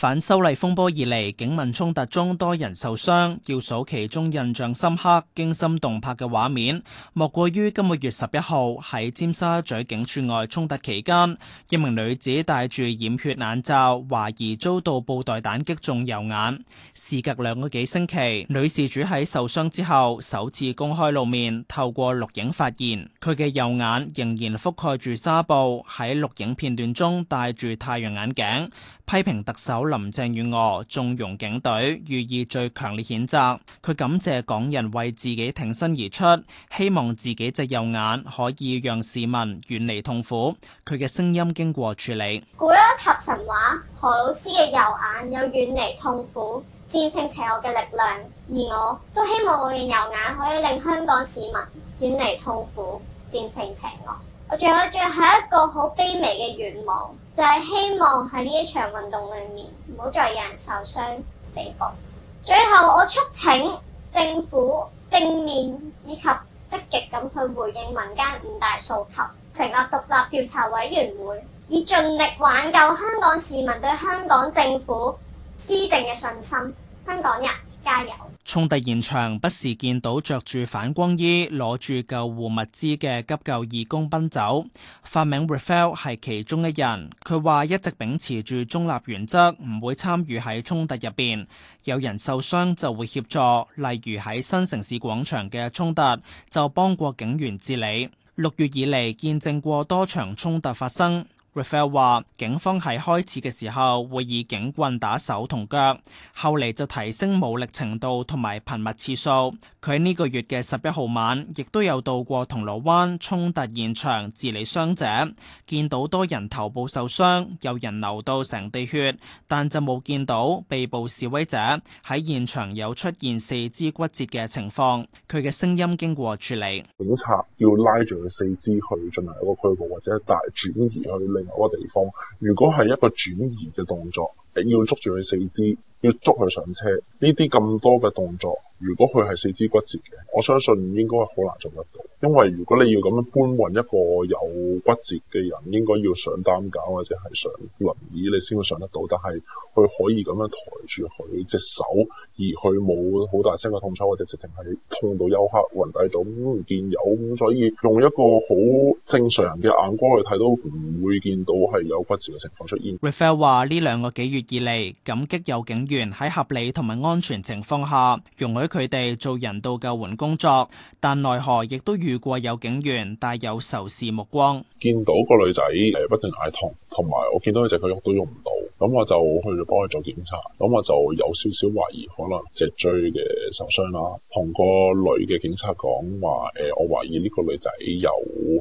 反修例風波以嚟，警民衝突中多人受傷，要數其中印象深刻、驚心動魄嘅畫面，莫過於今個月十一號喺尖沙咀警署外衝突期間，一名女子戴住染血眼罩，懷疑遭到布袋彈擊中右眼。事隔兩個幾星期，女事主喺受傷之後首次公開露面，透過錄影發言，佢嘅右眼仍然覆蓋住紗布。喺錄影片段中，戴住太陽眼鏡，批評特首，林鄭月娥縱容警隊，予以最強烈譴責。佢感謝港人為自己挺身而出，希望自己隻右眼可以讓市民遠離痛苦。佢嘅聲音經過處理。古埃及神話，荷魯斯嘅右眼有遠離痛苦、戰勝邪惡嘅力量，而我都希望我嘅右眼可以令香港市民遠離痛苦、戰勝邪惡。我仲有最後一個好卑微嘅願望。就係希望喺呢一場運動裡面，唔好再有人受傷被捕。最後，我促請政府正面以及積極咁去回應民間五大訴求，成立獨立調查委員會，以盡力挽救香港市民對香港政府施政嘅信心。香港人加油！衝突現場不時見到着住反光衣、攞住救護物資嘅急救義工奔走。化名 Rafael 係其中一人，佢話一直秉持住中立原則，唔會參與喺衝突入邊。有人受傷就會協助，例如喺新城市廣場嘅衝突就幫過警員治理。六月以嚟見證過多場衝突發生。Raphael 話：警方喺開始嘅時候會以警棍打手同腳，後嚟就提升武力程度同埋頻密次數。佢喺呢個月嘅十一號晚，亦都有到過銅鑼灣衝突現場治理傷者，見到多人頭部受傷，有人流到成地血，但就冇見到被捕示威者喺現場有出現四肢骨折嘅情況。佢嘅聲音經過處理，警察要拉住佢四肢去進行一個拘捕或者大轉移去。某個地方，如果係一個轉移嘅動作，你要捉住佢四肢，要捉佢上車，呢啲咁多嘅動作，如果佢係四肢骨折嘅，我相信應該好難做得到。因為如果你要咁樣搬運一個有骨折嘅人，應該要上擔架或者係上輪椅，你先會上得到。但係佢可以咁樣抬住佢隻手。而佢冇好大聲嘅痛楚，我哋直情係痛到休克，暈低咗，咁唔見有，咁所以用一個好正常人嘅眼光去睇都唔會見到係有骨折嘅情況出現。Raphael 話：呢兩個幾月以嚟，感激有警員喺合理同埋安全情況下容許佢哋做人道救援工作，但奈何亦都遇過有警員帶有仇視目光。見到個女仔誒，不斷嗌痛，同埋我見到佢隻腳喐都喐唔到。咁我就去咗幫佢做檢查，咁我就有少少懷疑，可能脊椎嘅受傷啦。同個女嘅警察講話，誒、呃，我懷疑呢個女仔有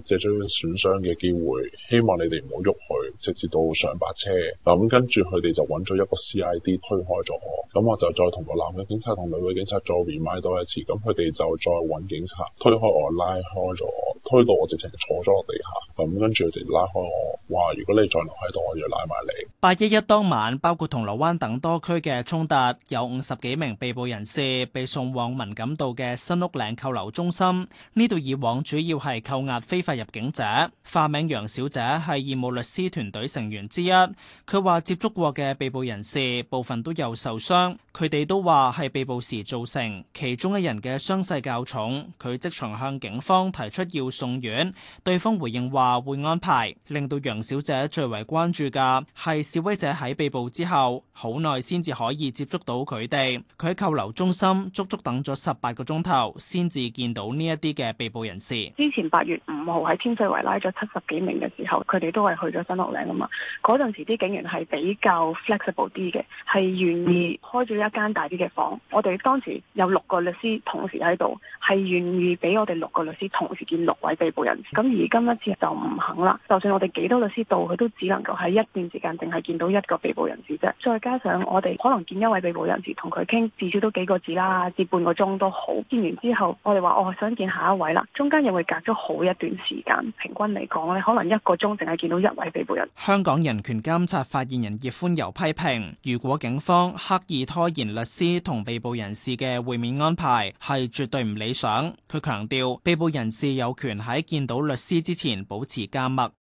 脊椎損傷嘅機會，希望你哋唔好喐佢，直至到上白車。嗱，咁跟住佢哋就揾咗一個 C.I.D. 推開咗我，咁我就再同個男嘅警察同女嘅警察再 remind 多一次。咁佢哋就再揾警察推開我，拉開咗我，推到我直情坐咗落地下。咁跟住佢哋拉開我，話如果你再留喺度，我要拉埋你。八一一當晚，包括銅鑼灣等多區嘅衝突，有五十幾名被捕人士被送往文錦渡嘅新屋嶺扣留中心。呢度以往主要係扣押非法入境者。化名楊小姐係義務律師團隊成員之一，佢話接觸過嘅被捕人士部分都有受傷，佢哋都話係被捕時造成。其中一人嘅傷勢較重，佢即場向警方提出要送院，對方回應話會安排。令到楊小姐最為關注嘅係，示威者喺被捕之後，好耐先至可以接觸到佢哋。佢喺扣留中心足足等咗十八個鐘頭，先至見到呢一啲嘅被捕人士。之前八月五號喺天水圍拉咗七十幾名嘅時候，佢哋都係去咗新屋嶺啊嘛。嗰陣時啲警員係比較 flexible 啲嘅，係願意開咗一間大啲嘅房。我哋當時有六個律師同時喺度，係願意俾我哋六個律師同時見六位被捕人士。咁而今一次就唔肯啦。就算我哋幾多律師到，佢都只能夠喺一段時間定係，見到一個被捕人士啫，再加上我哋可能見一位被捕人士，同佢傾至少都幾個字啦，至半個鐘都好。見完之後我，我哋話我想見下一位啦，中間又會隔咗好一段時間。平均嚟講咧，可能一個鐘淨係見到一位被捕人。香港人權監察發言人葉寬柔批評，如果警方刻意拖延律師同被捕人士嘅會面安排，係絕對唔理想。佢強調，被捕人士有權喺見到律師之前保持緘默。